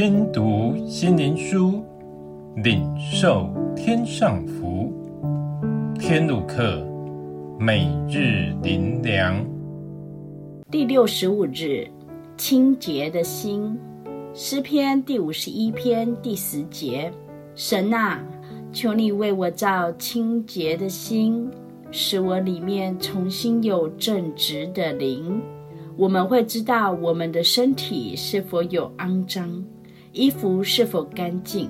聽讀心靈書，領受天上福。天路客，每日靈糧。第六十五日，清潔的心。詩篇第五十一篇第十節：神啊，求你為我造清潔的心，使我裡面重新有正直的靈。我們會知道我們的身體是否有骯髒？衣服是否乾淨？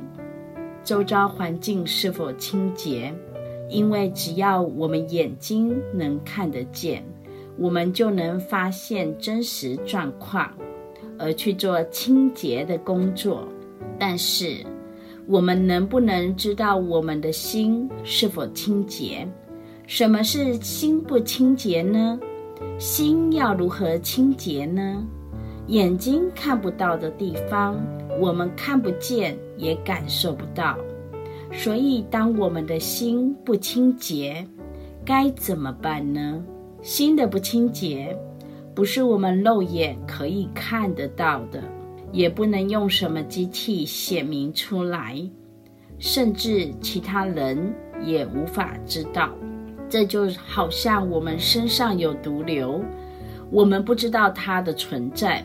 周遭環境是否清潔？因為只要我們眼睛能看得見，我們就能發現真實狀況，而去做清潔的工作。但是，我們能不能知道我們的心是否清潔？什麼是心不清潔呢？心要如何清潔呢？眼睛看不到的地方。我們看不見，也感受不到，所以當我們的心不清潔，該怎麼辦呢？心的不清潔，不是我們肉眼可以看得到的，也不能用什麼機器顯明出來，甚至其他人也無法知道。這就好像我們身上有毒瘤，我們不知道它的存在。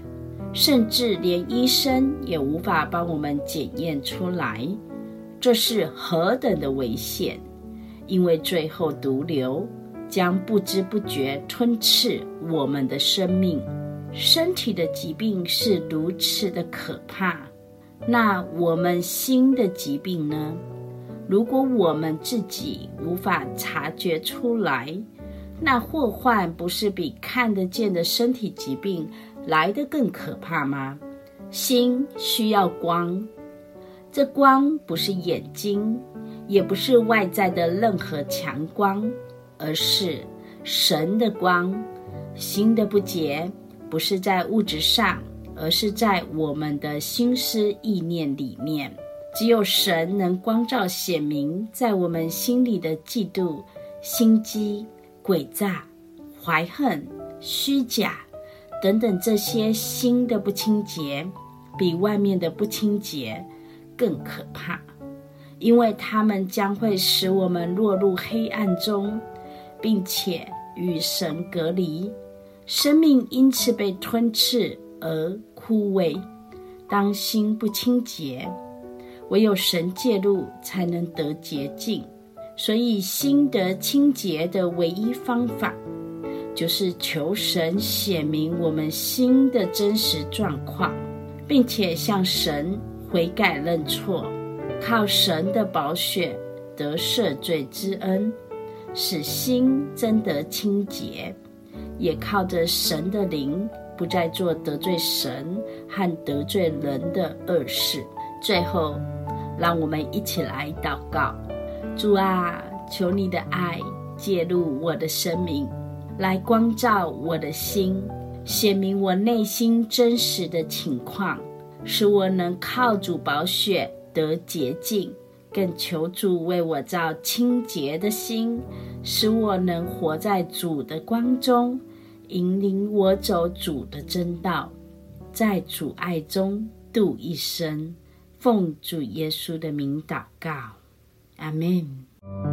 甚至連醫生也無法幫我們檢驗出來，這是何等的危險！因為最後毒瘤將不知不覺吞噬我們的生命。身體的疾病是如此的可怕，那我們心的疾病呢？如果我們自己無法察覺出來，那禍患不是比看得見的身體疾病來的更可怕嗎？心需要光，這光不是眼睛，也不是外在的任何強光，而是神的光。心的不潔不是在物質上，而是在我們的心思意念裡面。只有神能光照顯明，在我們心裡的嫉妒、心機、詭詐、懷恨、虛假、等等，這些心的不清潔，比外面的不清潔更可怕，因為它們將會使我們落入黑暗中，並且與神隔離，生命因此被吞噬而枯萎。當心不清潔，唯有神介入才能得潔淨，所以心得清潔的唯一方法，就是求神顯明我們心的真實狀況，並且向神悔改認錯，靠神的寶血得赦罪之恩，使心真得清潔，也靠着神的靈，不再做得罪神和得罪人的惡事。最後，讓我們一起來禱告：主啊，求你的愛介入我的生命。來光照我的心，顯明我內心真實的情況，使我能靠主寶血得潔淨；更求主為我造清潔的心，使我能活在主的光中，引領我走主的真道，在主愛中度一生，奉主耶穌的名禱告，阿門。